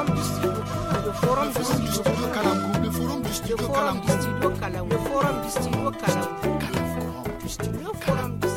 forum du le forum du le forum du le forum du le forum du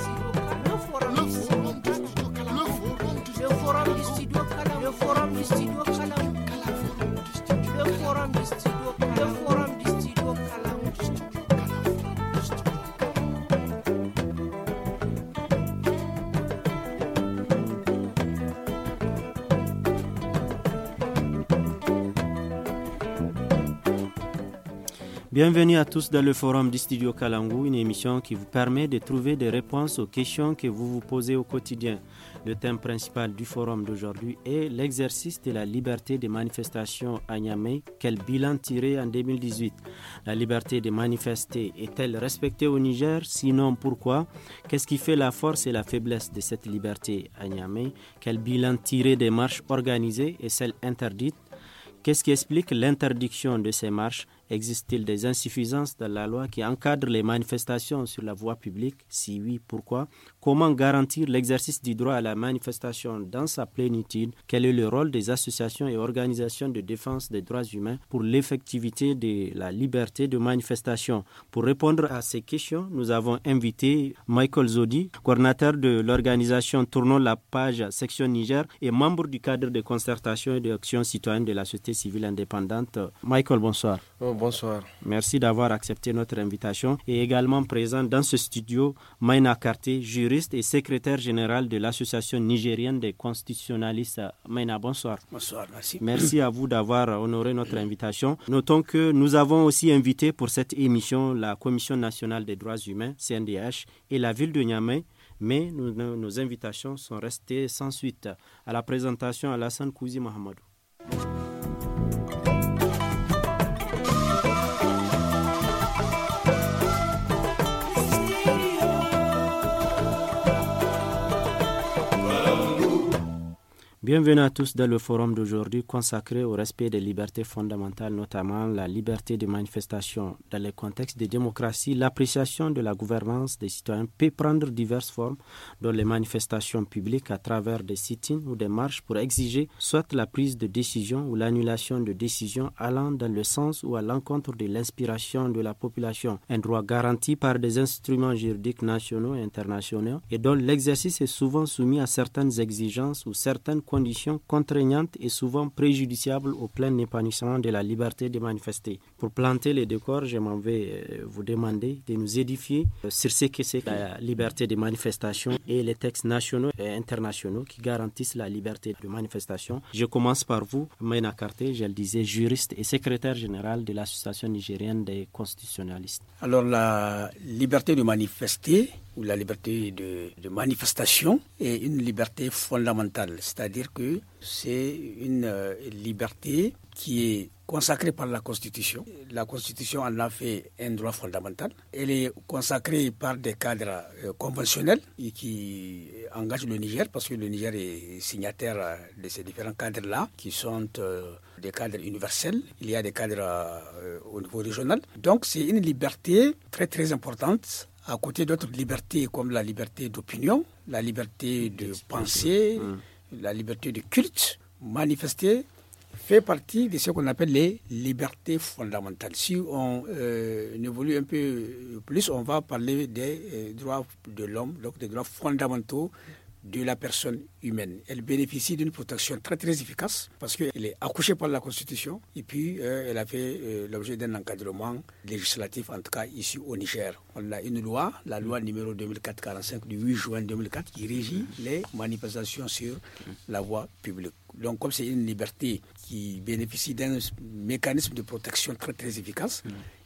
Bienvenue à tous dans le forum du Studio Kalangu, une émission qui vous permet de trouver des réponses aux questions que vous vous posez au quotidien. Le thème principal du forum d'aujourd'hui est l'exercice de la liberté de manifestation à Niamey. Quel bilan tiré en 2018 La liberté de manifester est-elle respectée au Niger Sinon, pourquoi Qu'est-ce qui fait la force et la faiblesse de cette liberté à Niamey Quel bilan tiré des marches organisées et celles interdites Qu'est-ce qui explique l'interdiction de ces marches Existe-t-il des insuffisances dans la loi qui encadre les manifestations sur la voie publique Si oui, pourquoi Comment garantir l'exercice du droit à la manifestation dans sa plénitude Quel est le rôle des associations et organisations de défense des droits humains pour l'effectivité de la liberté de manifestation Pour répondre à ces questions, nous avons invité Michael Zodi, coordinateur de l'organisation Tournons la page section Niger et membre du cadre de concertation et d'action citoyenne de la société civile indépendante. Michael, bonsoir. Oh, bonsoir. Merci d'avoir accepté notre invitation et également présent dans ce studio Maina Carté, jury et secrétaire général de l'Association nigérienne des constitutionnalistes. Maina, bonsoir. Bonsoir, merci. Merci à vous d'avoir honoré notre invitation. Notons que nous avons aussi invité pour cette émission la Commission nationale des droits humains, CNDH, et la ville de Niamey, mais nos invitations sont restées sans suite. À la présentation, Alassane Kouzi Mohamedou. Bienvenue à tous dans le forum d'aujourd'hui consacré au respect des libertés fondamentales, notamment la liberté de manifestation. Dans le contexte des démocraties, l'appréciation de la gouvernance des citoyens peut prendre diverses formes, dont les manifestations publiques à travers des sit-ins ou des marches pour exiger soit la prise de décision ou l'annulation de décision allant dans le sens ou à l'encontre de l'inspiration de la population, un droit garanti par des instruments juridiques nationaux et internationaux et dont l'exercice est souvent soumis à certaines exigences ou certaines conditions contraignantes et souvent préjudiciables au plein épanouissement de la liberté de manifester. Pour planter les décors, je m'en vais euh, vous demander de nous édifier euh, sur ce que c'est la liberté de manifestation et les textes nationaux et internationaux qui garantissent la liberté de manifestation. Je commence par vous, Maina Karte, je le disais, juriste et secrétaire général de l'Association nigérienne des constitutionnalistes. Alors la liberté de manifester, ou la liberté de, manifestation est une liberté fondamentale, c'est-à-dire que c'est une euh, liberté qui est consacrée par la Constitution. La Constitution en a fait un droit fondamental. Elle est consacrée par des cadres euh, conventionnels qui engagent le Niger, parce que le Niger est signataire euh, de ces différents cadres-là, qui sont des cadres universels. Il y a des cadres au niveau régional. Donc c'est une liberté très très importante à côté d'autres libertés comme la liberté d'opinion, la liberté de penser, hmm. la liberté de culte, manifester, fait partie de ce qu'on appelle les libertés fondamentales. Si on euh, évolue un peu plus, on va parler des euh, droits de l'homme, donc des droits fondamentaux de la personne humaine. Elle bénéficie d'une protection très très efficace parce qu'elle est accouchée par la Constitution et puis euh, elle a fait euh, l'objet d'un encadrement législatif, en tout cas issu au Niger. On a une loi, la loi numéro 2445 du 8 juin 2004 qui régit les manifestations sur la voie publique. Donc comme c'est une liberté qui bénéficie d'un mécanisme de protection très très efficace,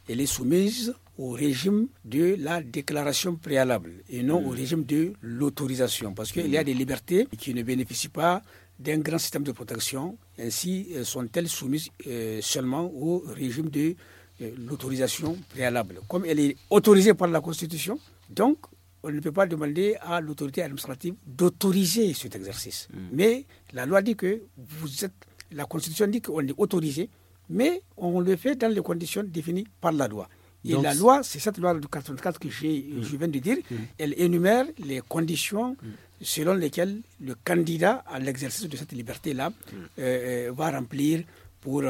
elle est soumise au régime de la déclaration préalable et non au mm. régime de l'autorisation, parce qu'il y a mm. des libertés qui ne bénéficient pas d'un grand système de protection. Ainsi, euh, sont-elles soumises euh, seulement au régime de euh, l'autorisation préalable. Comme elle est autorisée par la Constitution, donc on ne peut pas demander à l'autorité administrative d'autoriser cet exercice. Mm. Mais la loi dit que vous êtes, la Constitution dit qu'on est autorisé mais on le fait dans les conditions définies par la loi. Et la loi, c'est cette loi de 44 que euh, je viens de dire, mm. Mm. elle énumère les conditions mm. selon lesquelles le candidat à l'exercice de cette liberté-là euh, euh, va remplir pour,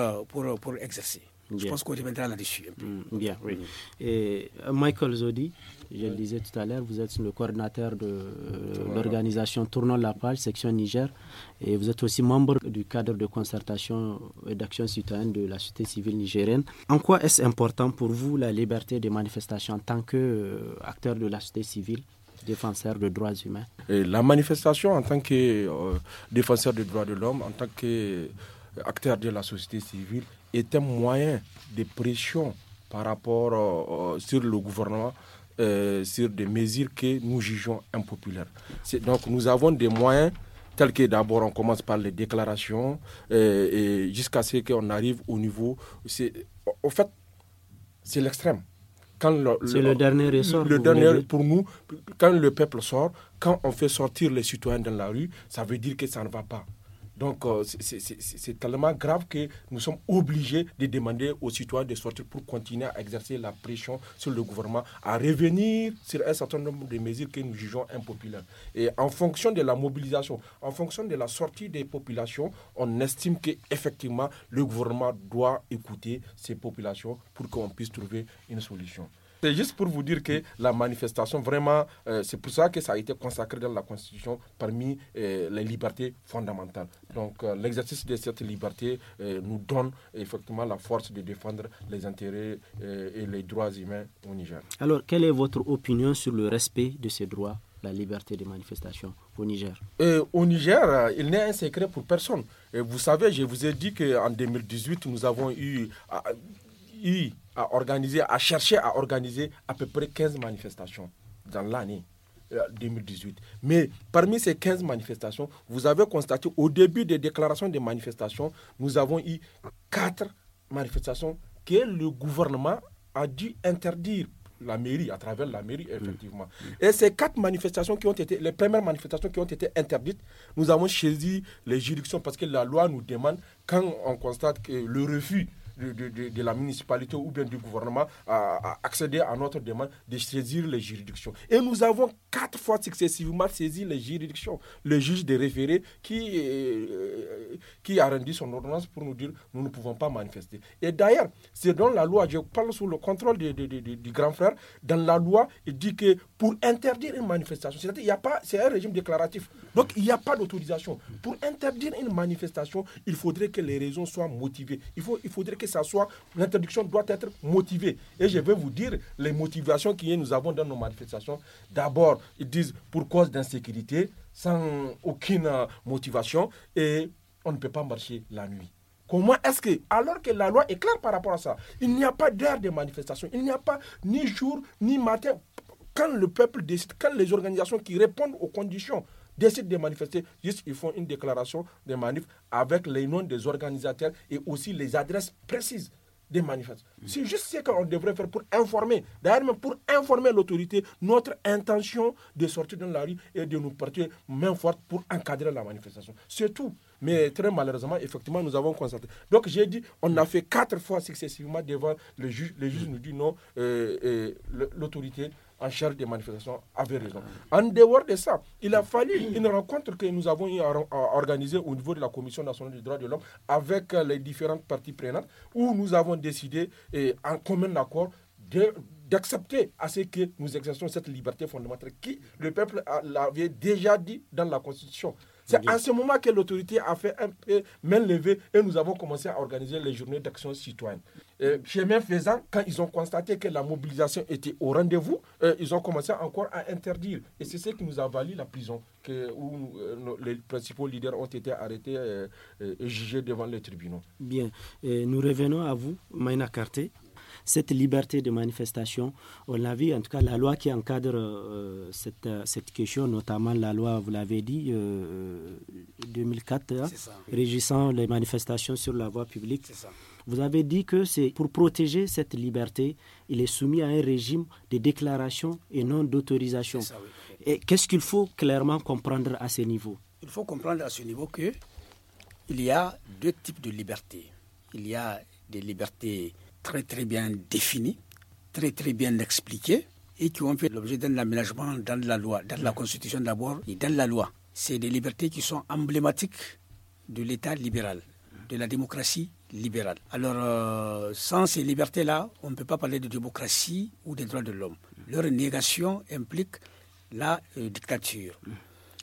pour exercer. Je pense qu'on reviendra à la mm, Bien, oui. Mm. Et euh, Michael Zodi, je le disais tout à l'heure, vous êtes le coordinateur de euh, l'organisation Tournant la page, section Niger, et vous êtes aussi membre du cadre de concertation et d'action citoyenne de la société civile nigérienne. En quoi est-ce important pour vous la liberté de manifestation en tant qu'acteur euh, de la société civile défenseur de droits humains La manifestation en tant que défenseur des droits de l'homme, en tant qu'acteur de la société civile, est un moyen de pression par rapport euh, euh, sur le gouvernement, euh, sur des mesures que nous jugeons impopulaires. Donc nous avons des moyens tels que d'abord on commence par les déclarations jusqu'à ce qu'on arrive au niveau... Au fait, c'est l'extrême. C'est le, le, dernier ressort. Le dernier pour nous, quand le peuple sort, quand on fait sortir les citoyens dans la rue, ça veut dire que ça ne va pas. Donc euh, c'est tellement grave que nous sommes obligés de demander aux citoyens de sortir pour continuer à exercer la pression sur le gouvernement, à revenir sur un certain nombre de mesures que nous jugeons impopulaires. Et en fonction de la mobilisation, en fonction de la sortie des populations, on estime qu'effectivement le gouvernement doit écouter ces populations pour qu'on puisse trouver une solution. C'est juste pour vous dire que la manifestation, vraiment, euh, c'est pour ça que ça a été consacré dans la Constitution parmi euh, les libertés fondamentales. Donc, euh, l'exercice de cette liberté nous donne effectivement la force de défendre les intérêts et les droits humains au Niger. Alors, quelle est votre opinion sur le respect de ces droits, la liberté de manifestation au Niger Au Niger, il n'est un secret pour personne. vous savez, je vous ai dit qu'en 2018, nous avons eu ah, a à organiser, à chercher à organiser à peu près 15 manifestations dans l'année. 2018. Euh, Mais parmi ces 15 manifestations, vous avez constaté au début des déclarations des manifestations, nous avons eu 4 manifestations que le gouvernement a dû interdire la mairie, à travers la mairie, effectivement. Et ces quatre manifestations qui ont été, les premières manifestations qui ont été interdites, nous avons choisi les juridictions parce que la loi nous demande, quand on constate que le refus de, la municipalité ou bien du gouvernement à, accéder à notre demande de saisir les juridictions. Et nous avons quatre fois successivement saisi les juridictions. Le juge des référés qui, euh, euh, qui a rendu son ordonnance pour nous dire nous ne pouvons pas manifester. Et d'ailleurs, c'est dans la loi, je parle sous le contrôle de, du grand frère, dans la loi, il dit que pour interdire une manifestation, c'est-à-dire il y a pas, c'est un régime déclaratif. Donc il n'y a pas d'autorisation. Pour interdire une manifestation, il faudrait que les raisons soient motivées. Il, faut, il faudrait que que ça doit être motivée. Et je vais vous dire les motivations que nous avons dans nos manifestations. D'abord, ils disent pour cause d'insécurité, sans aucune motivation, et on ne peut pas marcher la nuit. Comment est-ce que, alors que la loi est claire par rapport à ça, il n'y a pas d'heure de manifestation, il n'y a pas ni jour ni matin, quand le peuple décide, quand les organisations qui répondent aux conditions décident de manifester, juste ils font une déclaration des manif avec les noms des organisateurs et aussi les adresses précises des manifestants. Mm. C'est juste ce qu'on devrait faire pour informer, d'ailleurs même pour informer l'autorité, notre intention de sortir dans la rue et de nous porter main forte pour encadrer la manifestation. C'est tout. Mais très malheureusement, effectivement, nous avons constaté. Donc j'ai dit, on a fait quatre fois successivement devant le juge. Le juge nous dit non, euh, euh, l'autorité en charge des manifestations avait raison. En dehors de ça, il a fallu une rencontre que nous avons organisée au niveau de la Commission nationale des droits de l'homme avec euh, les différentes parties prenantes où nous avons décidé en commun d'accord d'accepter à ce que nous exerçons cette liberté fondamentale qui le peuple l'avait déjà dit dans la Constitution. C'est à ce moment que l'autorité a fait un peu main levée et nous avons commencé à organiser les journées d'action citoyenne. Euh, chemin faisant, quand ils ont constaté que la mobilisation était au rendez-vous, euh, ils ont commencé encore à interdire. Et c'est ce qui nous a valu la prison, où euh, les principaux leaders ont été arrêtés euh, et jugés devant les tribunaux. Bien, nous revenons à vous, Maina Karté. Cette liberté de manifestation, on l'a vu, en tout cas, la loi qui encadre cette, question, notamment la loi, vous l'avez dit, 2004, hein, régissant les manifestations sur la voie publique. C'est ça vous avez dit que c'est pour protéger cette liberté, il est soumis à un régime de déclaration et non d'autorisation. Et qu'est-ce qu'il faut clairement comprendre à ce niveau Il faut comprendre à ce niveau que il y a deux types de libertés. Il y a des libertés très très bien définies, très très bien expliquées et qui ont fait l'objet d'un aménagement dans la loi, dans la Constitution d'abord et dans la loi. C'est des libertés qui sont emblématiques de l'État libéral, de la démocratie libérale. Alors, euh, sans ces libertés-là, on ne peut pas parler de démocratie ou des droits de l'homme. Leur négation implique la euh, dictature.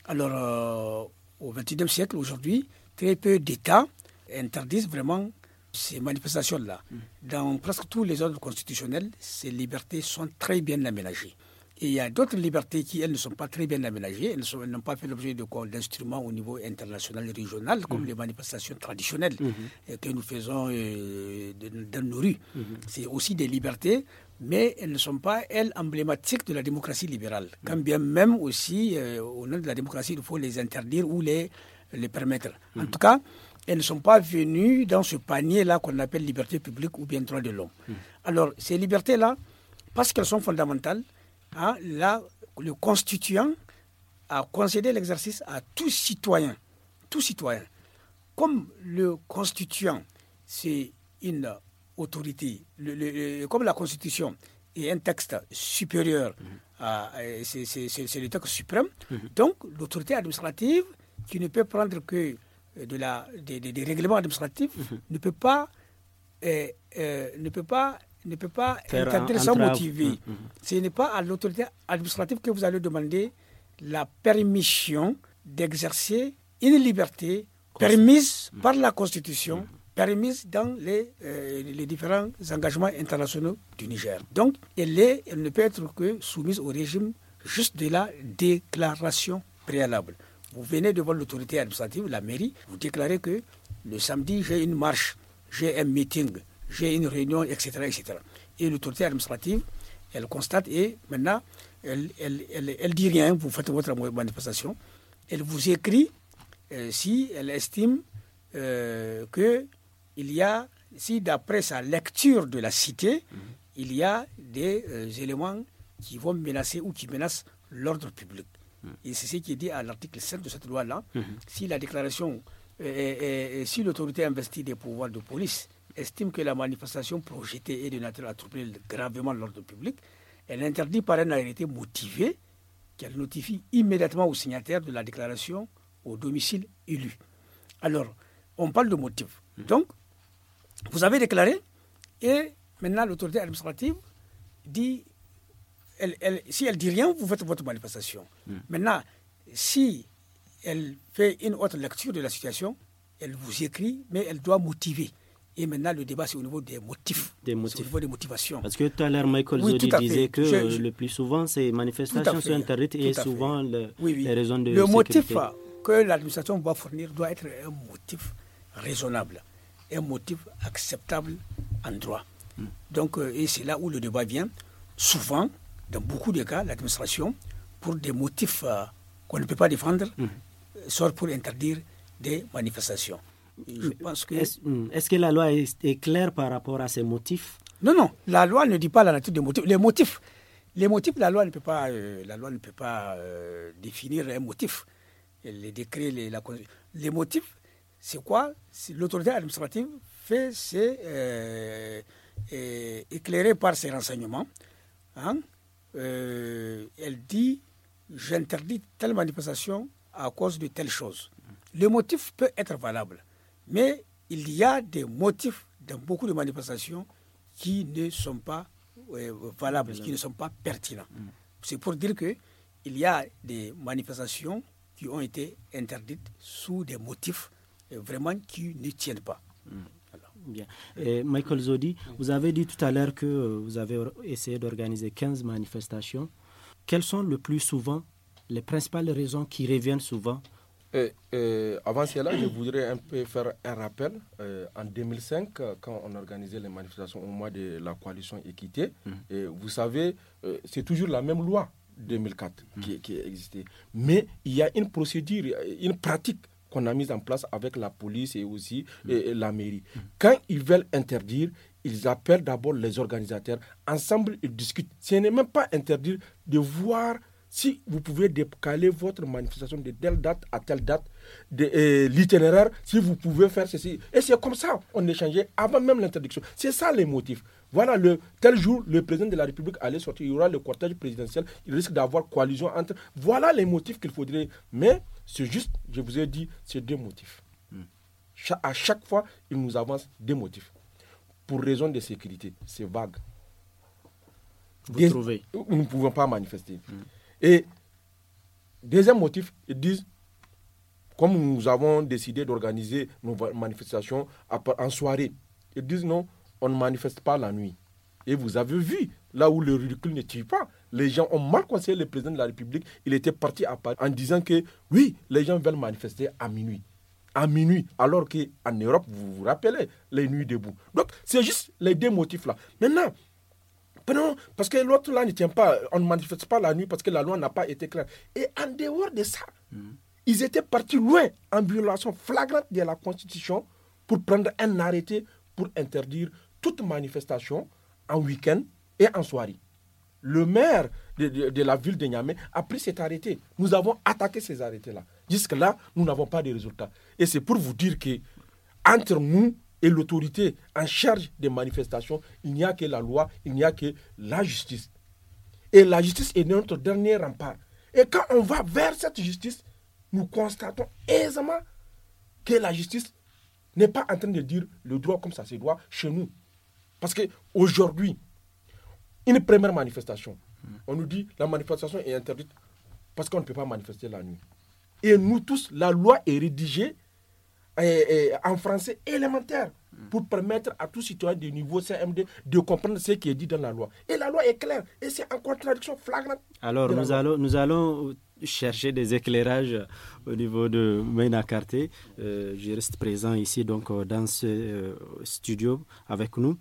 Alors, euh, au XXIe siècle, aujourd'hui, très peu d'États interdisent vraiment ces manifestations-là. Mm. Dans presque tous les ordres constitutionnels, ces libertés sont très bien aménagées. Et il y a d'autres libertés qui, elles, ne sont pas très bien aménagées. Elles n'ont pas fait l'objet d'instruments au niveau international et régional, comme mhm. les manifestations traditionnelles mhm. euh, que nous faisons euh, dans nos rues. Mhm. C'est aussi des libertés, mais elles ne sont pas, elles, emblématiques de la démocratie libérale. Quand bien même aussi, euh, au nom de la démocratie, il faut les interdire ou les, les permettre. En tout cas, elles ne sont pas venues dans ce panier-là qu'on appelle liberté publique ou bien droit de l'homme. Alors, ces libertés-là, parce qu'elles sont fondamentales, ah, là, le constituant a concédé l'exercice à tout citoyen. Tout citoyen. Comme le constituant, c'est une autorité, comme la constitution est un texte supérieur, euh, c'est le texte suprême, mhm. donc l'autorité administrative qui ne peut prendre que euh, de la, des, règlements administratifs mhm. ne peut pas, euh, ne peut pas ne peut pas être sans motiver. Mm, mm, mm. Ce n'est pas à l'autorité administrative que vous allez demander la permission d'exercer une liberté permise par la Constitution, permise dans les, euh, les, différents engagements internationaux du Niger. Donc, elle, est, elle ne peut être que soumise au régime juste de la déclaration préalable. Vous venez devant l'autorité administrative, la mairie, vous déclarez que le samedi, j'ai une marche, j'ai un meeting j'ai une réunion, etc., etc. Et l'autorité administrative, elle constate et maintenant, elle, elle, elle, elle, dit rien, vous faites votre manifestation. Elle vous écrit euh, si elle estime euh, que il y a, si d'après sa lecture de la cité, mhm. il y a des euh, éléments qui vont menacer ou qui menacent l'ordre public. Mhm. Et c'est ce qui est dit à l'article 7 de cette loi-là. Mhm. Si la déclaration, si l'autorité investit des pouvoirs de police, estime que la manifestation projetée est de nature à troubler gravement l'ordre public, elle interdit par une arrêté motivé qu'elle notifie immédiatement au signataire de la déclaration au domicile élu. Alors, on parle de motif. Hmm. Donc, vous avez déclaré et maintenant l'autorité administrative dit, elle, elle, si elle dit rien, vous faites votre manifestation. Hmm. Maintenant, si elle fait une autre lecture de la situation, elle vous écrit, mais elle doit motiver. Et maintenant, le débat, c'est au niveau des motifs. Des Au niveau des motivations. Parce que tout à l'heure, Michael Zodi disait que le plus souvent, ces manifestations sont interdites et souvent le, les raisons de. Le motif que l'administration va fournir doit être un motif raisonnable, un motif acceptable en droit. Hmm. Donc, euh, et c'est là où le débat vient. Souvent, dans beaucoup de cas, l'administration, pour des motifs euh, qu'on ne peut pas défendre, hmm. euh, sort pour interdire des manifestations. Hmm, est-ce que la loi est, claire par rapport à ces motifs Non, non. La loi ne dit pas la nature des motifs. Les motifs, les motifs la loi ne peut pas, euh, la loi ne peut pas euh, définir un motif. Les décrets, les, la, les motifs, c'est quoi L'autorité administrative fait, c'est euh, euh par ses renseignements. Hein. elle dit j'interdis telle manifestation à cause de telle chose. Le motif peut être valable. Mais il y a des motifs dans beaucoup de manifestations qui ne sont pas euh, valables, qui ne sont pas pertinents. Mmh. C'est pour dire qu'il y a des manifestations qui ont été interdites sous des motifs euh, vraiment qui ne tiennent pas. Mmh. Bien. Michael Zodi, vous avez dit tout à l'heure que euh, vous avez essayé d'organiser 15 manifestations. Quelles sont le plus souvent les principales raisons qui reviennent souvent avant cela, je voudrais un peu faire un rappel. Euh, en 2005, euh, quand on organisait les manifestations au mois de la coalition Équité, mm. et vous savez, euh, c'est toujours la même loi 2004 mm. qui, qui existait. Mais il y a une procédure, une pratique qu'on a mise en place avec la police et aussi mm. la mairie. Quand ils veulent interdire, ils appellent d'abord les organisateurs. Ensemble, ils discutent. Ce n'est même pas interdire de voir si vous pouvez décaler votre manifestation de telle date à telle date, euh, l'itinéraire, si vous pouvez faire ceci. Et c'est comme ça, on échangeait avant même l'interdiction. C'est ça les motifs. Voilà, le, tel jour, le président de la République allait sortir, il y aura le cortège présidentiel, il risque d'avoir coalition entre. Voilà les motifs qu'il faudrait. Mais c'est juste, je vous ai dit, c'est deux motifs. Hmm. à chaque fois, il nous avance deux motifs. Pour raison de sécurité, c'est vague. Vous trouvez Nous ne pouvons pas manifester. Hmm. Et deuxième motif, ils disent, comme nous avons décidé d'organiser nos manifestations en soirée, ils disent non, on ne manifeste pas la nuit. Et vous avez vu, là où le ridicule ne pas, les gens ont mal conseillé le président de la République. Il était parti à Paris en disant que oui, les gens veulent manifester à minuit. À minuit, alors qu'en Europe, vous vous rappelez, les nuits debout. Donc, c'est juste les deux motifs-là. Maintenant, non, parce que l'autre là ne tient pas. On ne manifeste pas la nuit parce que la loi n'a pas été claire. Et en dehors de ça, hmm. ils étaient partis loin en violation flagrante de la Constitution pour prendre un arrêté pour interdire toute manifestation en week-end et en soirée. Le maire de, la ville de Niamey a pris cet arrêté. Nous avons attaqué ces arrêtés-là. Jusque-là, nous n'avons pas de résultats. Et c'est pour vous dire que entre nous, et l'autorité en charge des manifestations, il n'y a que la loi, il n'y a que la justice. Et la justice est notre dernier rempart. Et quand on va vers cette justice, nous constatons aisément que la justice n'est pas en train de dire le droit comme ça se doit chez nous. Parce qu'aujourd'hui, une première manifestation, hmm. on nous dit la manifestation est interdite parce qu'on ne peut pas manifester la nuit. Et nous tous, la loi est rédigée en français élémentaire pour permettre à tout citoyen du niveau CMD de comprendre ce qui est dit dans la loi. Et la loi est claire et c'est en contradiction flagrante. Alors nous allons, nous allons chercher des éclairages au niveau de Mena Carté. Euh, je reste présent ici donc euh, dans ce euh, studio avec nous.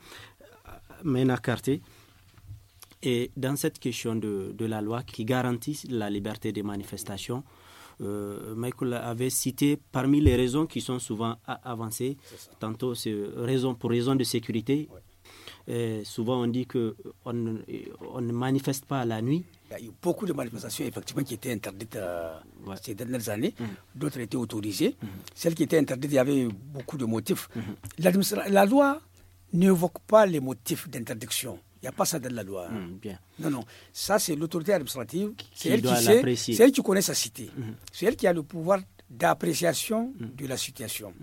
Mena Carté. Et dans cette question de, de, la loi qui garantit la liberté des manifestations, euh, Michael avait cité parmi les raisons qui sont souvent avancées. Tantôt, ces euh, raison pour raison de sécurité. souvent, on dit qu'on on ne manifeste pas la nuit. Il y a eu beaucoup de manifestations, effectivement, qui étaient interdites euh, ces dernières années. Mhm. D'autres étaient autorisées. Mhm. Celles qui étaient interdites, il y avait beaucoup de motifs. Mhm. La loi n'évoque pas les motifs d'interdiction. Il n'y a pas ça dans la loi. Hein. Hmm, bien. Non, non. Ça, c'est l'autorité administrative. C'est elle qui sait. C'est elle qui connaît sa cité. Hmm. C'est elle qui a le pouvoir d'appréciation hmm. de la situation.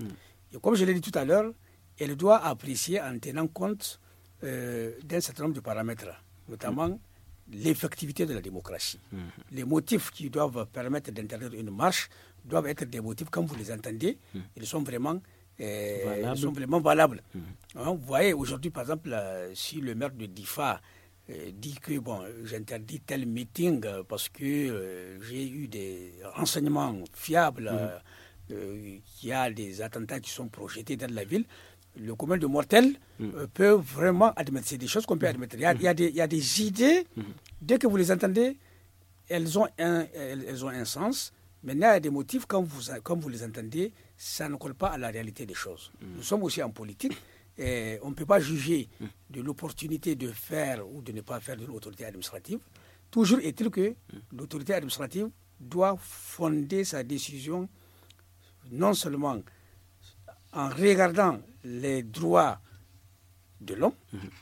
Et comme je l'ai dit tout à l'heure, elle doit apprécier en tenant compte euh, d'un certain nombre de paramètres, notamment l'effectivité de la démocratie. Les motifs qui doivent permettre d'interdire une marche doivent être des motifs, comme vous les entendez, ils sont vraiment ils sont vraiment valables. Mhm. Hein, vous voyez, aujourd'hui, par exemple, euh, si le maire de Difa euh, dit que bon, j'interdis tel meeting parce que euh, j'ai eu des renseignements fiables mhm. qu'il y a des attentats qui sont projetés dans la ville. Le commun de mortels mhm. peut vraiment admettre. C'est des choses qu'on peut admettre. Il y, a, des, idées, dès que vous les entendez, elles ont elles ont un sens. Maintenant, il y a des motifs, comme vous, les entendez, ça ne colle pas à la réalité des choses. Hmm. Nous sommes aussi en politique. Et on ne peut pas juger hmm. de l'opportunité de faire ou de ne pas faire de l'autorité administrative. Toujours est-il que hmm. l'autorité administrative doit fonder sa décision non seulement en regardant les droits de l'homme,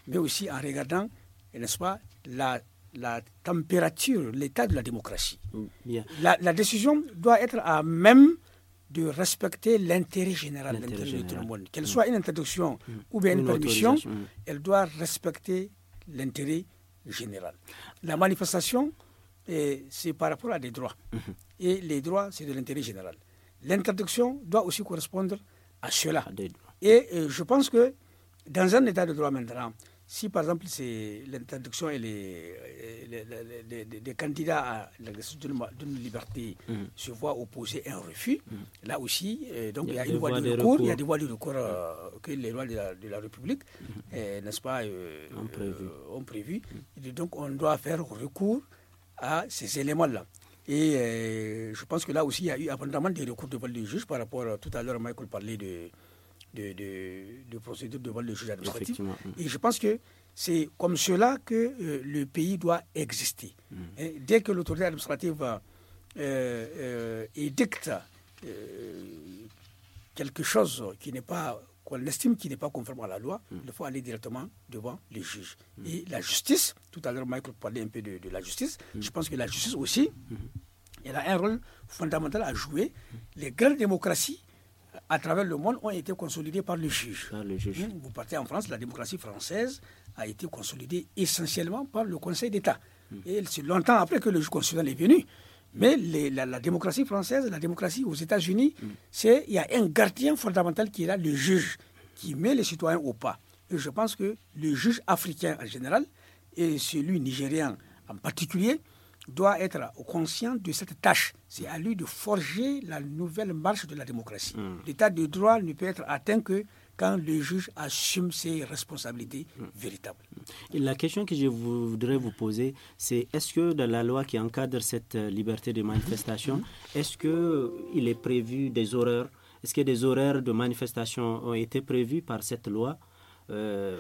mais aussi en regardant, n'est-ce pas, la la température, l'état de la démocratie. Mm, la, décision doit être à même de respecter l'intérêt général, de monde. Qu'elle mm. soit une introduction mm. ou bien une, permission, elle doit respecter l'intérêt général. La manifestation, eh, c'est par rapport à des droits. Mm-hmm. Et les droits, c'est de l'intérêt général. L'introduction doit aussi correspondre à cela. Et, et euh, je pense que dans un état de droit maintenant, si par exemple c'est et les, des euh, candidats à de d'une liberté mm. se voient opposer un refus, mm. là aussi, euh, donc il y a, une de recours, il y a des voies de recours euh, que les lois de la, République, mm. n'est-ce pas, ont prévu. donc on doit faire recours à ces éléments-là. Et je pense que là aussi, il y a eu abondamment des recours devant les juge par rapport, tout à l'heure Michael parlait de, de, de, procédure devant le juge administratif. Et je pense que c'est comme cela que euh, le pays doit exister. Mm. Et dès que l'autorité administrative euh, euh édicte euh, quelque chose qui n'est pas qu'on estime qui n'est pas conforme à la loi, mm. il faut aller directement devant les juges. Mm. Et la justice, tout à l'heure Michael parlait un peu de, de la justice, je pense que la justice aussi, elle a un rôle fondamental à jouer. Les grandes démocraties à travers le monde ont été consolidées par le juge. Hein, vous partez en France, la démocratie française a été consolidée essentiellement par le Conseil d'État. Hmm. Et c'est longtemps après que le juge constitutionnel est venu. Mais la, démocratie française, la démocratie aux États-Unis, hmm. c'est il y a un gardien fondamental qui est là, le juge, qui met les citoyens au pas. Et je pense que le juge africain en général et celui nigérian en particulier doit être conscient de cette tâche. C'est à lui de forger la nouvelle marche de la démocratie. Hmm. L'état de droit ne peut être atteint que quand le juge assume ses responsabilités hmm. véritables. Hmm. la question que je voudrais vous poser, c'est est-ce que dans la loi qui encadre cette euh, liberté de manifestation, est-ce qu'il euh, est prévu des horaires Est-ce que des horaires de manifestation ont été prévus par cette loi euh,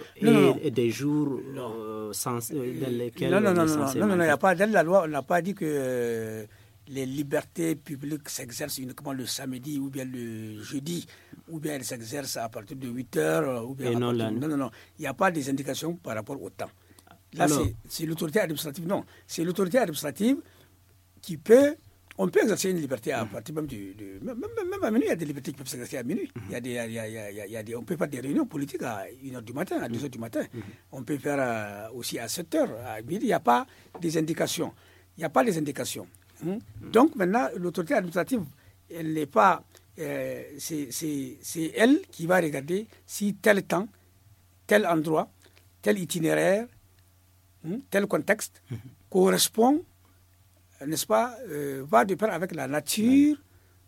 et des jours euh, euh, dans lesquels non, non, non, non, il a pas dans la loi, on n'a pas dit que les libertés publiques s'exercent uniquement le samedi ou bien le jeudi, ou bien elles s'exercent à partir de 8 heures, ou bien non, non, non, non, il n'y a pas des indications par rapport au temps. Là, c'est l'autorité administrative, non, c'est l'autorité administrative qui peut on peut exercer une liberté à partir même du. même, même, à minuit, il y a des libertés qui peuvent s'exercer à minuit. Il y a des, il y a, des, on peut faire des réunions politiques à 1h du matin, à 2h du matin. On peut faire euh, aussi à 7h, à midi. Il n'y a pas des indications. Il n'y a pas des indications. Hmm? Donc maintenant, l'autorité administrative, elle n'est pas. Euh, c'est c'est elle qui va regarder si tel temps, tel endroit, tel itinéraire, hmm, tel contexte mhm. correspond n'est-ce pas, euh, va de pair avec la nature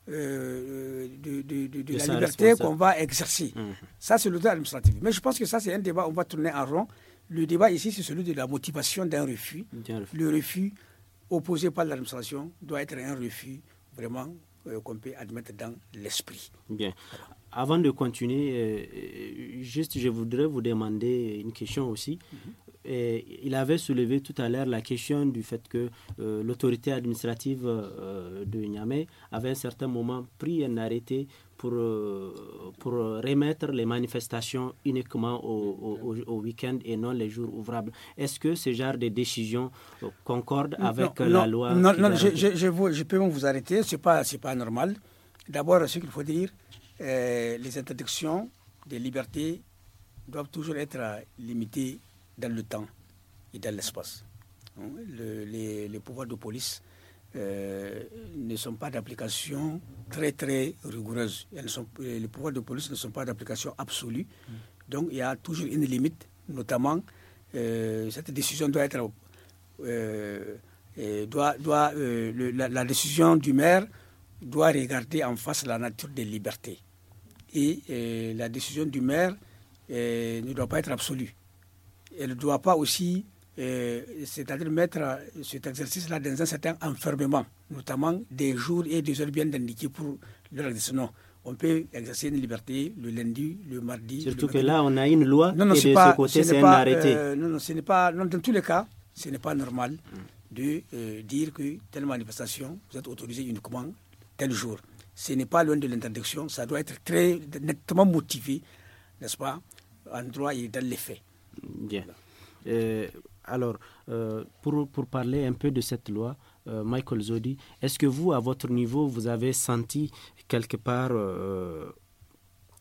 euh, euh, de, la liberté qu'on va exercer. Mmh. Ça, c'est le droit administratif. Mais je pense que ça, c'est un débat, on va tourner en rond. Le débat ici, c'est celui de la motivation d'un refus. Le refus opposé par l'administration doit être un refus vraiment qu'on peut admettre dans l'esprit. Bien. Avant de continuer, juste je voudrais vous demander une question aussi. Mmh il avait soulevé tout à l'heure la question du fait que euh, l'autorité administrative euh, de Niamey avait à un certain moment pris un arrêté pour, euh, pour remettre les manifestations uniquement au, au, week-end et non les jours ouvrables. Est-ce que ce genre de décision concorde avec la loi Non, non je, je, vous, peux vous arrêter, ce n'est pas, pas normal. D'abord, ce qu'il faut dire, les interdictions des libertés doivent toujours être limitées dans le temps et dans l'espace. les, pouvoirs de police euh, ne sont pas d'application très très rigoureuse. les pouvoirs de police ne sont pas d'application absolue. Mm. Donc il y a toujours une limite, notamment euh, cette décision doit être euh, doit, la, décision du maire doit regarder en face la nature des libertés et la décision du maire ne doit pas être absolue elle ne doit pas aussi, euh, c'est-à-dire mettre cet exercice-là dans un certain enfermement, notamment des jours et des heures bien indiqués pour leur Non, on peut exercer une liberté le lundi, le mardi. Surtout que là, on a une loi et ce côté, c'est un arrêté. Euh, non, non, ce n'est pas, dans tous les cas, ce n'est pas normal de euh, dire que telle manifestation, vous êtes autorisé uniquement tel jour. Ce n'est pas loin de l'interdiction, ça doit être très nettement motivé, n'est-ce pas, en droit et dans les faits. Bien. Euh, alors, euh, pour, parler un peu de cette loi, euh, Michael Zodi, est-ce que vous, à votre niveau, vous avez senti quelque part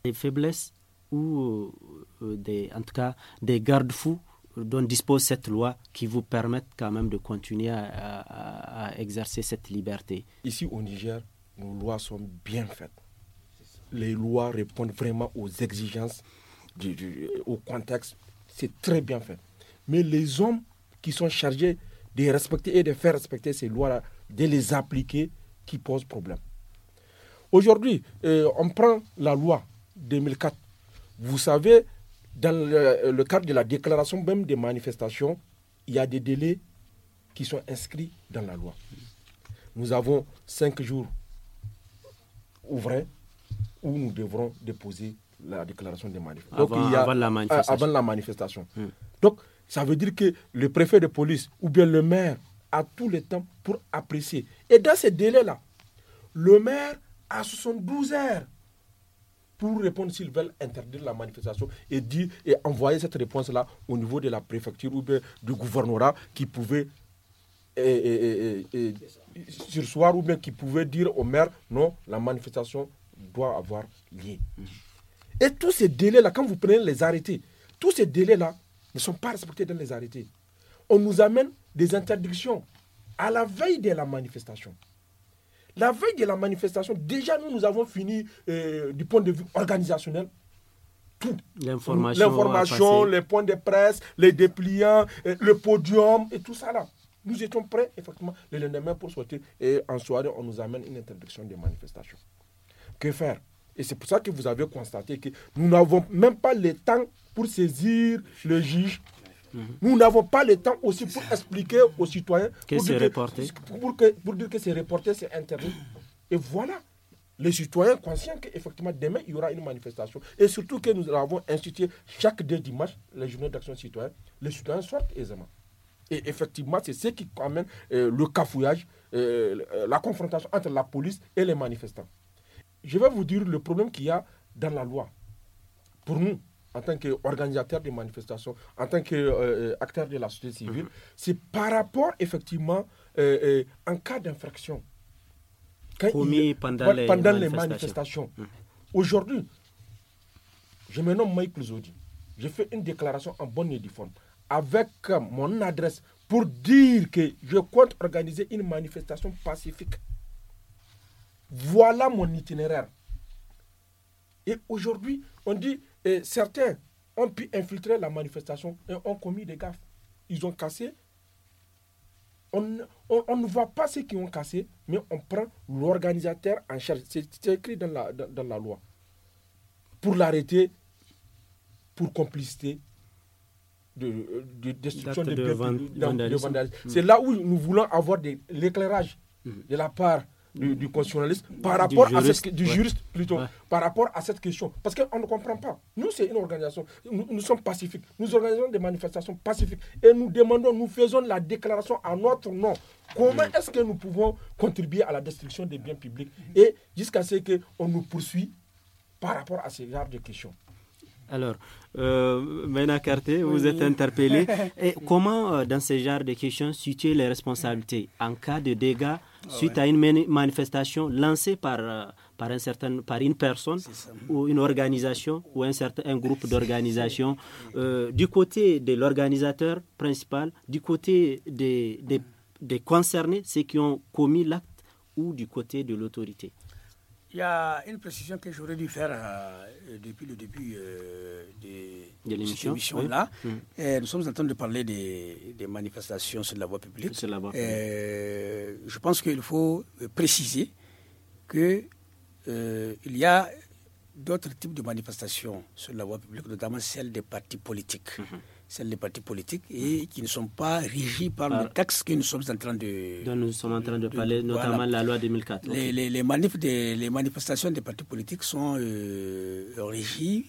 des faiblesses ou des, en tout cas des garde-fous dont dispose cette loi qui vous permettent quand même de continuer à, exercer cette liberté Ici au Niger, nos lois sont bien faites. Les lois répondent vraiment aux exigences, au contexte c'est très bien fait. Mais les hommes qui sont chargés de respecter et de faire respecter ces lois-là, de les appliquer, qui posent problème. Aujourd'hui, euh, on prend la loi 2004. Vous savez, dans le, cadre de la déclaration même des manifestations, il y a des délais qui sont inscrits dans la loi. Nous avons cinq jours ouvrés où nous devrons déposer la déclaration des manifestations. Avant, euh, la manifestation. Hmm. Donc, ça veut dire que le préfet de police ou bien le maire a tout le temps pour apprécier. Et dans ces délais-là, le maire a 72 heures pour répondre s'il veulent interdire la manifestation et, dire, et envoyer cette réponse-là au niveau de la préfecture ou bien du gouvernorat qui pouvait et, et, ou bien qui pouvait dire au maire non, la manifestation doit avoir lieu. Hmm. Et tous ces délais-là, quand vous prenez les arrêtés, tous ces délais-là ne sont pas respectés dans les arrêtés. On nous amène des interdictions à la veille de la manifestation. La veille de la manifestation, déjà nous, nous avons fini euh, du point de vue organisationnel. Tout. L'information, les points de presse, les dépliants, euh, le podium et tout ça là. Nous étions prêts, effectivement, le lendemain pour sortir. Et en soirée, on nous amène une interdiction des manifestations. Que faire et c'est pour ça que vous avez constaté que nous n'avons même pas le temps pour saisir le juge. Mhm. Nous n'avons pas le temps aussi pour expliquer aux citoyens pour, dire que, pour, dire que c'est reporté, c'est interdit. Et voilà les citoyens conscients qu'effectivement demain il y aura une manifestation et surtout que nous avons institué chaque deux dimanches les journées d'action citoyenne, les citoyens sortent aisément. Et effectivement, c'est ce qui amène euh, le cafouillage, euh, la confrontation entre la police et les manifestants je vais vous dire le problème qu'il y a dans la loi. Pour nous, en tant qu'organisateurs des manifestations, en tant qu'acteurs de la société civile, mhm. c'est par rapport effectivement euh, euh, en cas d'infraction. Commis pendant, les, manifestations. Aujourd'hui, je me nomme Mike Luzodi. Je fais une déclaration en bonne et due avec euh, mon adresse pour dire que je compte organiser une manifestation pacifique voilà mon itinéraire. Et aujourd'hui, on dit, certains ont pu infiltrer la manifestation et ont commis des gaffes. Ils ont cassé. On, ne voit pas ceux qui ont cassé, mais on prend l'organisateur en charge. C'est écrit dans la, dans, la loi. Pour l'arrêter, pour complicité, de, destruction de, de, C'est là où nous voulons avoir l'éclairage mhm. de la part du, constitutionnaliste, par rapport à cette, du juriste plutôt, par rapport à cette question. Parce qu'on ne comprend pas. Nous, c'est une organisation. Nous, sommes pacifiques. Nous organisons des manifestations pacifiques. Et nous demandons, nous faisons la déclaration à notre nom. Comment mm. est-ce que nous pouvons contribuer à la destruction des biens publics Et jusqu'à ce que on nous poursuit par rapport à ces genre de questions. Alors, euh, Mena vous êtes interpellé. Et comment, euh, dans ce genre de questions, situer les responsabilités en cas de dégâts ah suite à une manifestation lancée par, euh, par, une personne ou une organisation ou un, certain, groupe d'organisation Du côté de l'organisateur principal, du côté des concernés, ceux qui ont commis l'acte ou du côté de l'autorité il y a une précision que j'aurais dû faire euh, depuis le début euh, de, cette émission-là. Mm. Euh, nous sommes en train de parler des, manifestations sur la voie publique. je pense qu'il faut préciser qu'il y a d'autres types de manifestations sur la voie publique, notamment celles des partis politiques. Mm-hmm celles des partis politiques et qui ne sont pas régis par, le ah. texte que nous sommes en train de. dont nous sommes en train de, parler, notamment la loi 2004. Les, les, manifestations des partis politiques sont euh, régies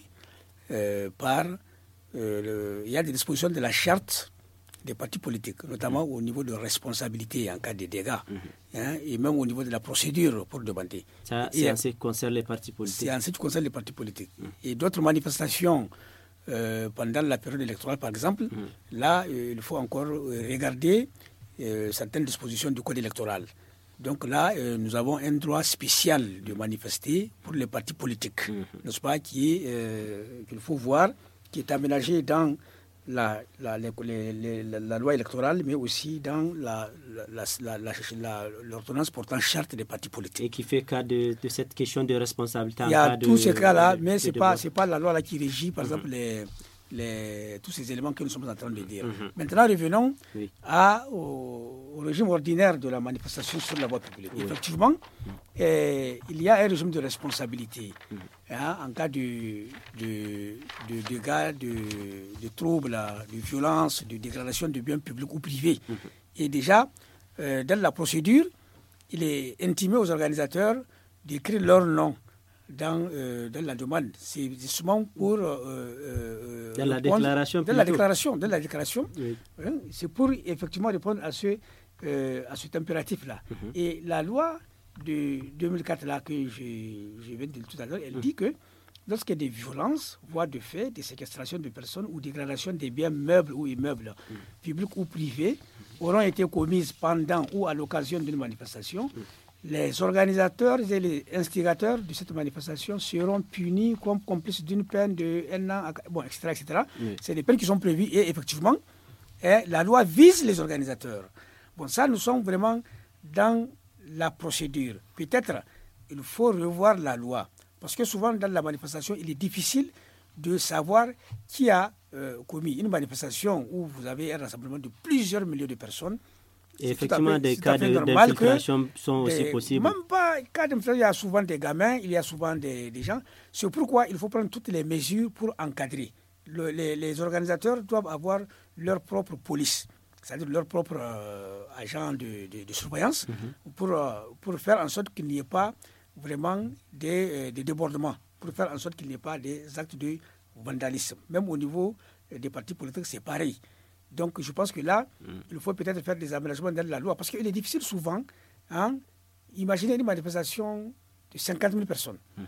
euh, par. Euh, il y a des dispositions de la charte des partis politiques, notamment mm-hmm. au niveau de responsabilité en cas de dégâts, mm-hmm. hein, et même au niveau de la procédure pour demander. C'est en ce qui concerne les partis politiques. C'est en ce qui concerne les partis politiques. Mm. Et d'autres manifestations euh, pendant la période électorale, par exemple, hmm. là, euh, il faut encore euh, regarder certaines dispositions du code électoral. Donc là, nous avons un droit spécial de manifester pour les partis politiques, hmm. n'est-ce pas, qui qu'il faut voir, qui est aménagé dans la, la, loi électorale, mais aussi dans l'ordonnance portant charte des partis politiques. Et qui fait cas de, cette question de responsabilité. Il y a tous ces cas-là, mais ce n'est pas, pas la loi là qui régit, par mm-hmm. exemple, les tous ces éléments que nous sommes en train de dire. Mhm. Maintenant, revenons au, régime ordinaire de la manifestation sur la voie publique. Effectivement, mhm. eh, il y a un régime de responsabilité mhm. hein, en cas de, de, de dégâts, de, troubles, de violences, de dégradation de biens publics ou privés. Et déjà, euh, dans la procédure, il est intimé aux organisateurs d'écrire leur nom euh, dans, la demande. C'est justement pour... Euh, euh, dans, la déclaration dans la déclaration. la déclaration. Hein, c'est pour effectivement répondre à ce, à ce impératif-là. Mhm. Et la loi de 2004 là, que je, viens de dire tout à l'heure, elle mhm. dit que lorsque des violences, voire de faits, des séquestrations de personnes ou déclarations des biens meubles ou immeubles, mhm. publics ou privés, auront été commises pendant ou à l'occasion d'une manifestation, les organisateurs et les instigateurs de cette manifestation seront punis comme complices d'une peine de un an, bon, etc. etc. C'est des peines qui sont prévues et effectivement, et la loi vise les organisateurs. Bon, ça, nous sommes vraiment dans la procédure. Peut-être il faut revoir la loi. Parce que souvent, dans la manifestation, il est difficile de savoir qui a euh, commis une manifestation où vous avez un rassemblement de plusieurs milliers de personnes effectivement, des cas de, sont aussi possibles. Même pas cas il y a souvent des gamins, il y a souvent des, gens. C'est pourquoi il faut prendre toutes les mesures pour encadrer. les, organisateurs doivent avoir leur propre police, c'est-à-dire leur propre agents euh, agent de, surveillance, mhm. pour, euh, pour faire en sorte qu'il n'y ait pas vraiment euh, des, débordements, pour faire en sorte qu'il n'y ait pas des actes de vandalisme. Même au niveau des partis politiques, c'est pareil. Donc je pense que là, mm. il faut peut-être faire des aménagements dans la loi, parce qu'il est difficile souvent, hein, imaginez une manifestation de 50 000 personnes, mm.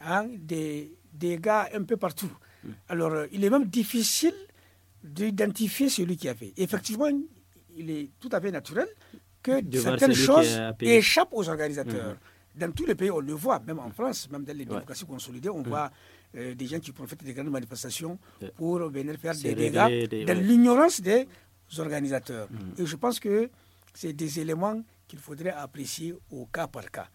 hein, des, des, gars un peu partout. Mm. Alors euh, il est même difficile d'identifier celui qui a fait. Effectivement, il est tout à fait naturel que certaines choses échappent aux organisateurs. Dans tous les pays, on le voit, même en France, même dans les démocraties consolidées, on voit euh, des gens qui profitent des grandes manifestations pour venir faire des dégâts dans l'ignorance des organisateurs. Mm. Et je pense que c'est des éléments qu'il faudrait apprécier au cas par cas.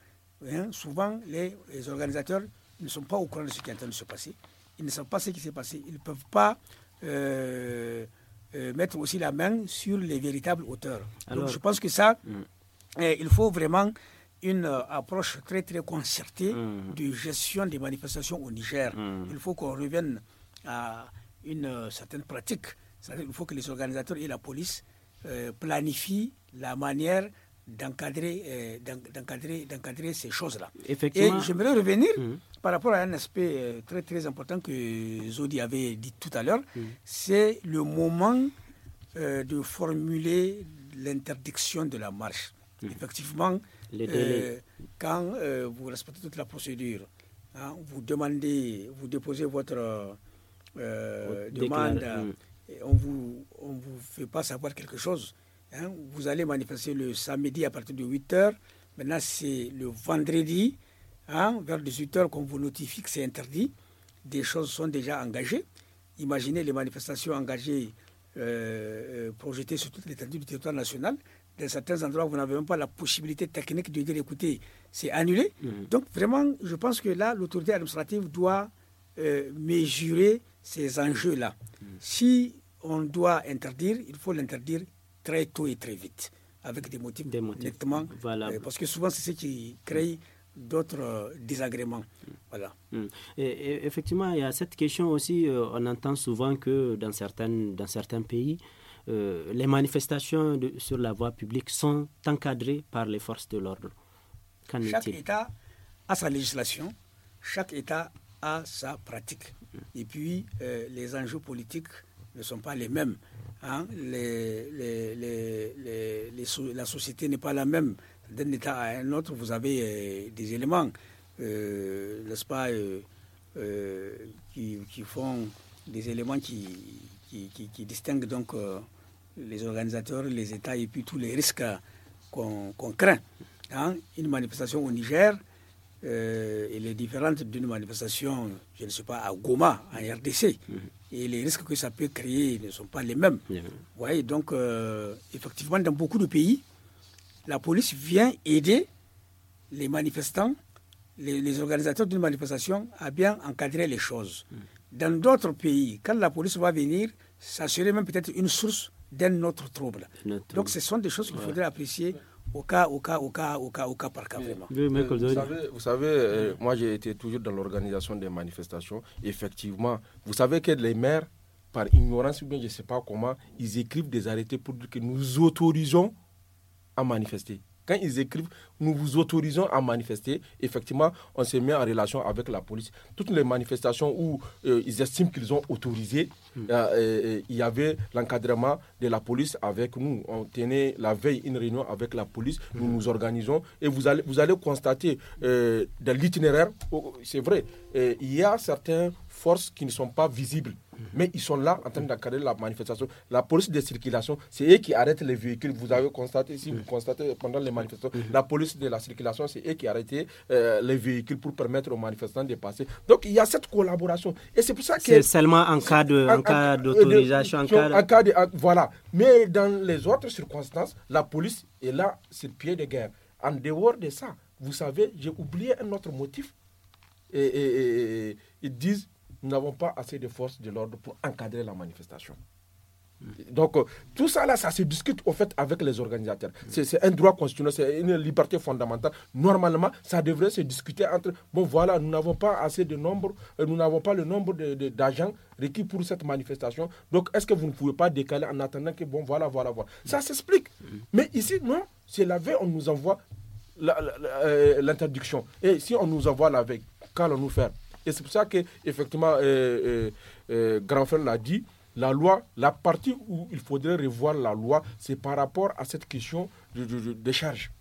Hein, souvent, les, organisateurs ne sont pas au courant de ce qui est en train de se passer. Ils ne savent pas ce qui s'est passé. Ils ne peuvent pas euh, euh, mettre aussi la main sur les véritables auteurs. Donc je pense que ça, mm. eh, il faut vraiment une euh, approche très très concertée mmh. de gestion des manifestations au Niger. Mmh. Il faut qu'on revienne à une euh, certaine pratique. Il faut que les organisateurs et la police euh, planifient la manière d'encadrer d'encadrer ces choses-là. Et j'aimerais revenir mmh. par rapport à un aspect très très important que Zodi avait dit tout à l'heure, c'est le moment de formuler l'interdiction de la marche. Mhm. Effectivement, euh, quand euh, vous respectez toute la procédure, hein, vous demandez, vous déposez votre euh, demande, on vous, on vous fait pas savoir quelque chose. Hein, vous allez manifester le samedi à partir de 8h. Maintenant, c'est le vendredi hein, vers 18h qu'on vous notifie que c'est interdit. Des choses sont déjà engagées. Imaginez les manifestations engagées, projetées sur toute l'étendue du territoire national dans certains endroits, vous n'avez même pas la possibilité technique de dire écoutez, c'est annulé. Mhm. Donc, vraiment, je pense que là, l'autorité administrative doit euh, mesurer ces enjeux-là. Mhm. Si on doit interdire, il faut l'interdire très tôt et très vite, avec des motifs, directement euh, Voilà. parce que souvent, c'est ce qui crée d'autres euh, désagréments. Mhm. Voilà. effectivement, il y a cette question aussi, on entend souvent que dans, certaines, dans certains pays, euh, les manifestations sur la voie publique sont encadrées par les forces de l'ordre. chaque État a sa législation, chaque État a sa pratique. Et puis, euh, les enjeux politiques ne sont pas les mêmes. Hein. la société n'est pas la même. D'un État à un autre, vous avez euh, des éléments, n'est-ce pas, qui, font des éléments qui, qui, distingue donc euh, les organisateurs, les États et puis tous les risques qu'on craint. Hein. Une manifestation au Niger, euh, elle est différente d'une manifestation, je ne sais pas, à Goma, en RDC. Mm-hmm. Et les risques que ça peut créer ne sont pas les mêmes. Vous voyez donc, euh, effectivement, dans beaucoup de pays, la police vient aider les manifestants, les, organisateurs d'une manifestation à bien encadrer les choses. Mm dans d'autres pays, quand la police va venir, ça serait même peut-être une source d'un autre trouble. Donc ce sont des choses qu'il faudrait apprécier au cas, au cas, au cas, au cas, au cas par cas, vous savez, euh, moi j'ai été toujours dans l'organisation des manifestations. Effectivement, vous savez que les maires, par ignorance ou bien je ne sais pas comment, ils écrivent des arrêtés pour dire que nous autorisons à manifester. Quand ils écrivent, nous vous autorisons à manifester, effectivement, on se met en relation avec la police. Toutes les manifestations où euh, ils estiment qu'ils ont autorisé, hmm. euh, euh, il y avait l'encadrement de la police avec nous. On tenait la veille une réunion avec la police, nous hmm. nous organisons et vous allez, vous allez constater dans l'itinéraire, oh, oh, c'est vrai, il y a certains forces qui ne sont pas visibles. Mais ils sont là en train d'encadrer la manifestation. La police de circulation, c'est eux qui arrêtent les véhicules. Vous avez constaté, si vous constatez pendant les manifestations, mhm. la police de la circulation, c'est eux qui arrêtent euh, les véhicules pour permettre aux manifestants de passer. Donc il y a cette collaboration. Et c'est pour ça que. seulement en cas d'autorisation. En, cas voilà. Mais dans les autres circonstances, la police est là sur pied de guerre. En dehors de ça, vous savez, j'ai oublié un autre motif. et ils disent nous n'avons pas assez de forces de l'ordre pour encadrer la manifestation. Hmm. Donc, euh, tout ça, là, ça se discute au fait avec les organisateurs. Hmm. C'est un droit constitutionnel, c'est une liberté fondamentale. Normalement, ça devrait se discuter entre, bon, voilà, nous n'avons pas assez de nombre, euh, nous n'avons pas le nombre d'agents requis pour cette manifestation. Donc, est-ce que vous ne pouvez pas décaler en attendant que, bon, voilà, voilà, voilà. Ça hmm. s'explique. Mais ici, non, c'est la veille, on nous envoie euh, l'interdiction. Et si on nous envoie la veille, qu'allons-nous faire et c'est pour ça que, effectivement, euh, euh, euh, Grand l'a dit, la loi, la partie où il faudrait revoir la loi, c'est par rapport à cette question de, charges.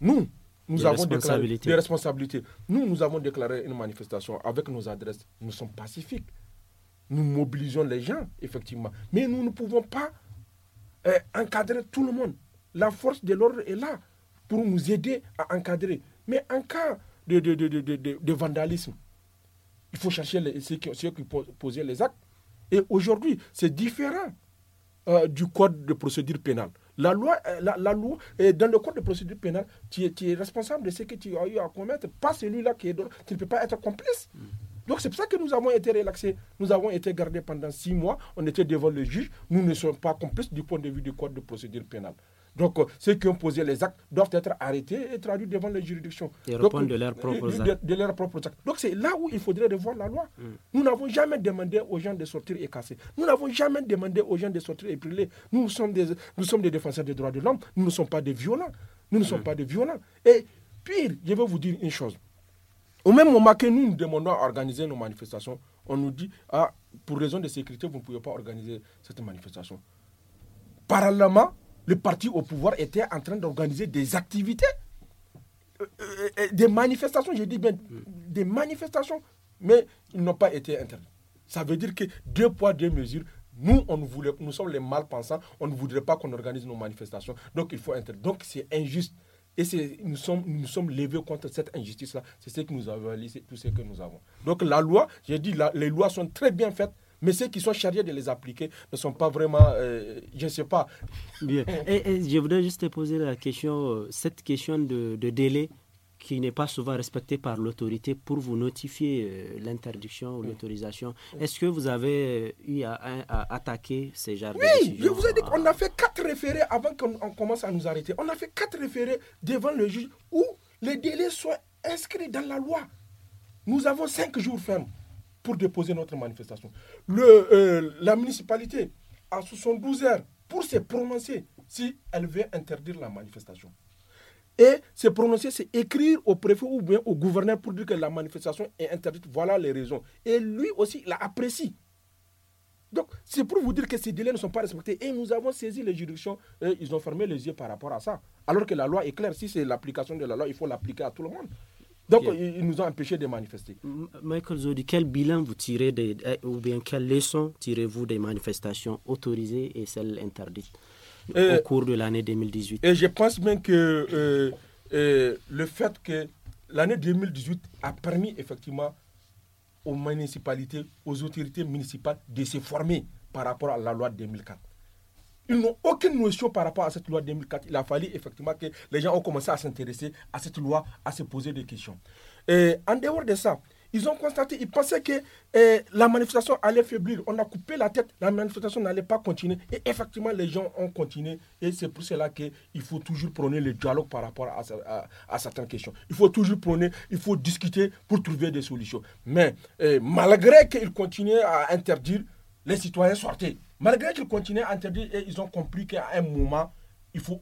Nous, nous avons des responsabilités. Nous, nous avons déclaré une manifestation avec nos adresses. Nous sommes pacifiques. Nous mobilisons les gens, effectivement. Mais nous ne pouvons pas encadrer tout le monde. La force de l'ordre est là pour nous aider à encadrer. Mais en cas de vandalisme, il faut chercher ceux, qui, posaient les actes. Et aujourd'hui, c'est différent euh, du code de procédure pénale. La loi, euh, la, loi dans le code de procédure pénale, tu es, responsable de ce que tu as eu à commettre, pas celui-là qui est Tu ne peux pas être complice. Mm. Donc c'est pour ça que nous avons été relaxés. Nous avons été gardés pendant six mois. On était devant le juge. Nous ne sommes pas complices du point de vue du code de procédure pénale. Donc, euh, ceux qui ont posé les actes doivent être arrêtés et traduits devant les juridictions. Et Donc, euh, de leurs propres actes. Donc, c'est là où il faudrait revoir la loi. Hmm. Nous n'avons jamais demandé aux gens de sortir et casser. Nous n'avons jamais demandé aux gens de sortir et brûler. Nous sommes des, nous sommes des défenseurs des droits de l'homme. Nous ne sommes pas des violents. Nous ne sommes hmm. pas des violents. Et pire, je vais vous dire une chose. Au même moment que nous nous demandons à organiser nos manifestations, on nous dit, ah, pour raison de sécurité, vous ne pouvez pas organiser cette manifestation. Parallèlement, le parti au pouvoir était en train d'organiser des activités, euh, euh, euh, des manifestations, je dis bien des manifestations, mais ils n'ont pas été interdits. Ça veut dire que deux poids, deux mesures, nous, on voulait, nous sommes les malpensants, on ne voudrait pas qu'on organise nos manifestations, donc il faut interdire. Donc c'est injuste. Et nous sommes, nous sommes levés contre cette injustice-là. C'est ce que nous avons laissé, tout ce que nous avons. Donc la loi, j'ai dit, les lois sont très bien faites. Mais ceux qui sont chargés de les appliquer ne sont pas vraiment, euh, je ne sais pas. Bien. Et, je voudrais juste te poser la question, euh, cette question de, délai qui n'est pas souvent respectée par l'autorité pour vous notifier euh, l'interdiction ou mm. l'autorisation. Est-ce que vous avez eu à, attaquer ces jardins Oui, je vous ai dit qu'on a fait quatre référés avant qu'on commence à nous arrêter. On a fait quatre référés devant le juge où les délais soient inscrits dans la loi. Nous avons cinq jours fermes pour déposer notre manifestation. Le, euh, la municipalité a 72 heures pour se prononcer si elle veut interdire la manifestation. Et se prononcer, c'est écrire au préfet ou bien au gouverneur pour dire que la manifestation est interdite. Voilà les raisons. Et lui aussi, l'a apprécie. Donc, c'est pour vous dire que ces délais ne sont pas respectés. Et nous avons saisi les juridictions, ils ont fermé les yeux par rapport à ça. Alors que la loi est claire. Si c'est l'application de la loi, il faut l'appliquer à tout le monde. Donc, ils nous ont empêchés de manifester. Michael Zodi, quel bilan vous tirez, eh, ou bien quelle leçon tirez-vous des manifestations autorisées et celles interdites au euh, cours de l'année 2018 Et je pense même que euh, euh, le fait que l'année 2018 a permis effectivement aux municipalités, aux autorités municipales de se former par rapport à la loi 2004. Ils n'ont aucune notion par rapport à cette loi 2004. Il a fallu effectivement que les gens ont commencé à s'intéresser à cette loi, à se poser des questions. Et en dehors de ça, ils ont constaté, ils pensaient que eh, la manifestation allait faiblir. On a coupé la tête, la manifestation n'allait pas continuer. Et effectivement, les gens ont continué. Et c'est pour cela qu'il faut toujours prôner le dialogue par rapport à, certaines questions. Il faut toujours prôner, il faut discuter pour trouver des solutions. Mais eh, malgré qu'ils continuaient à interdire, les citoyens sortaient. Malgré qu'ils continuaient à interdire, et ils ont compris qu'à un moment, il faut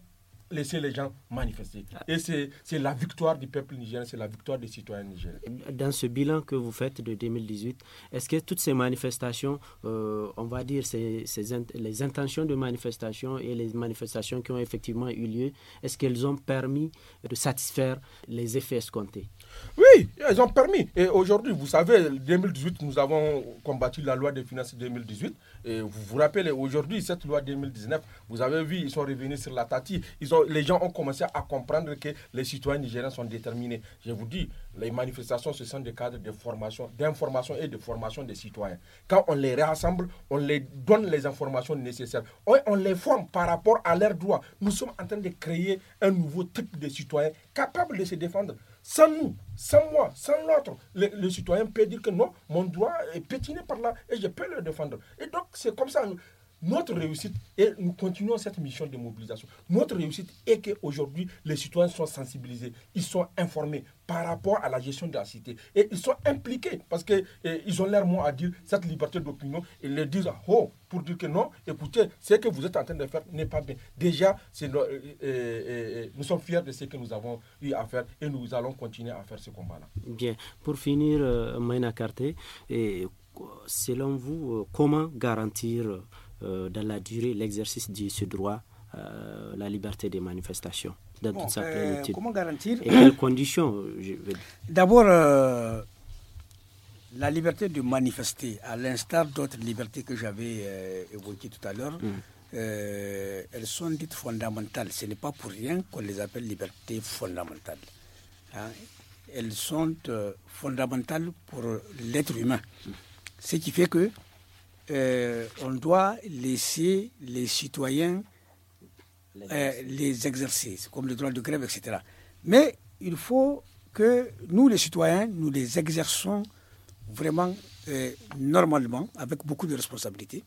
laisser les gens manifester. Ah. Et c'est la victoire du peuple nigérien, c'est la victoire des citoyens nigériens. Dans ce bilan que vous faites de 2018, est-ce que toutes ces manifestations, euh, on va dire ces, ces les intentions de manifestation et les manifestations qui ont effectivement eu lieu, est-ce qu'elles ont permis de satisfaire les effets escomptés Oui, elles ont permis. Et aujourd'hui, vous savez, 2018, nous avons combattu la loi des finances 2018. Et vous vous rappelez, aujourd'hui, cette loi 2019, vous avez vu, ils sont revenus sur la Tati. Ils ont les gens ont commencé à comprendre que les citoyens nigériens sont déterminés. Je vous dis, les manifestations, ce sont des cadres de formation, d'information et de formation des citoyens. Quand on les rassemble, on les donne les informations nécessaires. On, les forme par rapport à leurs droits. Nous sommes en train de créer un nouveau type de citoyen capable de se défendre. Sans nous, sans moi, sans l'autre, le, le, citoyen peut dire que non, mon droit est pétiné par là et je peux le défendre. Et donc, c'est comme ça. Notre réussite, et nous continuons cette mission de mobilisation, notre réussite est qu'aujourd'hui, les citoyens sont sensibilisés, ils sont informés par rapport à la gestion de la cité. Et ils sont impliqués parce qu'ils eh, ont l'air moins à dire cette liberté d'opinion. Ils le disent ah, oh, pour dire que non, écoutez, ce que vous êtes en train de faire n'est pas bien. Déjà, eh, eh, nous sommes fiers de ce que nous avons eu à faire et nous allons continuer à faire ce combat-là. Bien. Pour finir, euh, Maina Carter, euh, selon vous, euh, comment garantir. Euh, dans la durée l'exercice de ce droit euh, la liberté des manifestations euh, comment garantir Et quelles conditions D'abord, la liberté de manifester, à l'instar d'autres libertés que j'avais évoquées tout à l'heure, mm. elles sont dites fondamentales. Ce n'est pas pour rien qu'on les appelle libertés fondamentales. Hein. Elles sont fondamentales pour l'être humain. Ce qui fait que euh, on doit laisser les citoyens euh, les exercer, comme le droit de grève, etc. Mais il faut que nous, les citoyens, nous les exerçons vraiment euh, normalement, avec beaucoup de responsabilités.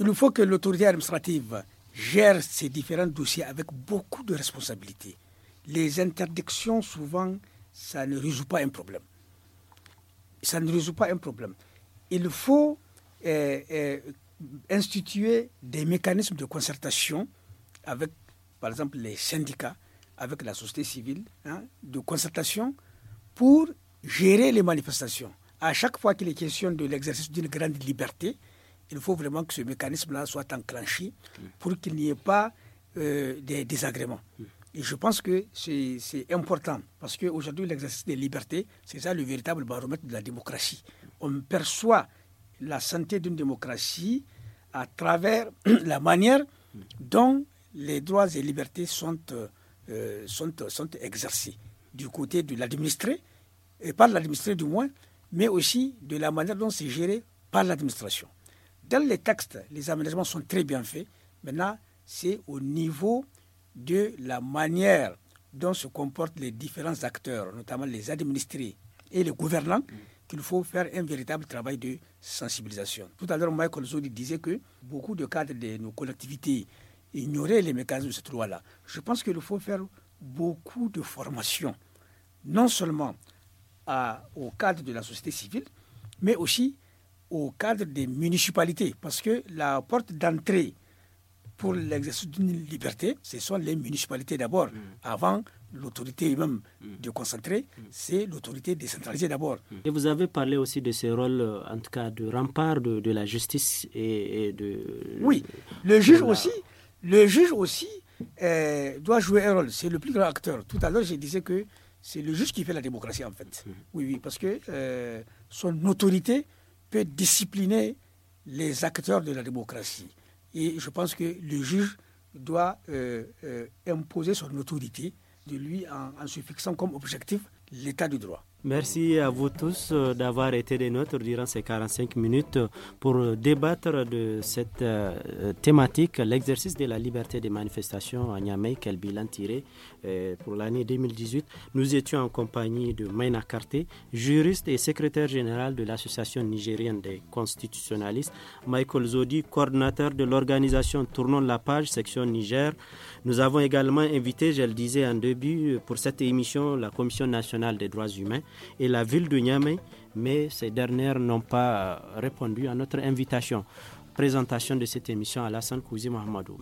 Il faut que l'autorité administrative gère ces différents dossiers avec beaucoup de responsabilités. Les interdictions, souvent, ça ne résout pas un problème. Ça ne résout pas un problème. Il faut instituer des mécanismes de concertation avec, par exemple, les syndicats, avec la société civile, hein, de concertation pour gérer les manifestations. À chaque fois qu'il est question de l'exercice d'une grande liberté, il faut vraiment que ce mécanisme-là soit enclenché pour qu'il n'y ait pas euh, des désagréments. Et je pense que c'est important, parce qu'aujourd'hui, l'exercice des libertés, c'est ça le véritable baromètre de la démocratie. On perçoit la santé d'une démocratie à travers la manière dont les droits et libertés euh, sont, sont, exercés du côté de l'administré, et par l'administré du moins, mais aussi de la manière dont c'est géré par l'administration. Dans les textes, les aménagements sont très bien faits. Maintenant, c'est au niveau de la manière dont se comportent les différents acteurs, notamment les administrés et les gouvernants, mm. qu'il faut faire un véritable travail de sensibilisation. Tout à l'heure, Michael Zodi disait que beaucoup de cadres de nos collectivités ignoraient les mécanismes de cette loi-là. Je pense qu'il faut faire beaucoup de formation, non seulement au cadre de la société civile, mais aussi au cadre des municipalités, parce que la porte d'entrée pour l'exercice d'une liberté, ce sont les municipalités d'abord, mm. avant l'autorité même mm. de concentrer, mm. c'est l'autorité décentralisée d'abord. Mm. Et vous avez parlé aussi de ce rôle, euh, en tout cas, de rempart de, la justice et, de... Oui, le juge aussi, le juge aussi euh, doit jouer un rôle. C'est le plus grand acteur. Tout à l'heure, je disais que c'est le juge qui fait la démocratie, en fait. Oui, oui, parce que euh, son autorité peut discipliner les acteurs de la démocratie. Et je pense que le juge doit imposer son autorité de lui en, se fixant comme objectif l'état du droit. Merci à vous tous euh, d'avoir été des nôtres durant ces 45 minutes pour débattre de cette euh, thématique, l'exercice de la liberté des manifestations à Niamey, quel bilan tiré euh, pour l'année 2018. Nous étions en compagnie de Maina Karté, juriste et secrétaire général de l'Association nigérienne des constitutionnalistes, Michael Zodi, coordinateur de l'organisation Tournons la page, section Niger, nous avons également invité, je le disais en début, pour cette émission, la Commission nationale des droits humains et la ville de Niamey, mais ces dernières n'ont pas répondu à notre invitation. Présentation de cette émission à la Kouzi Mahamadou.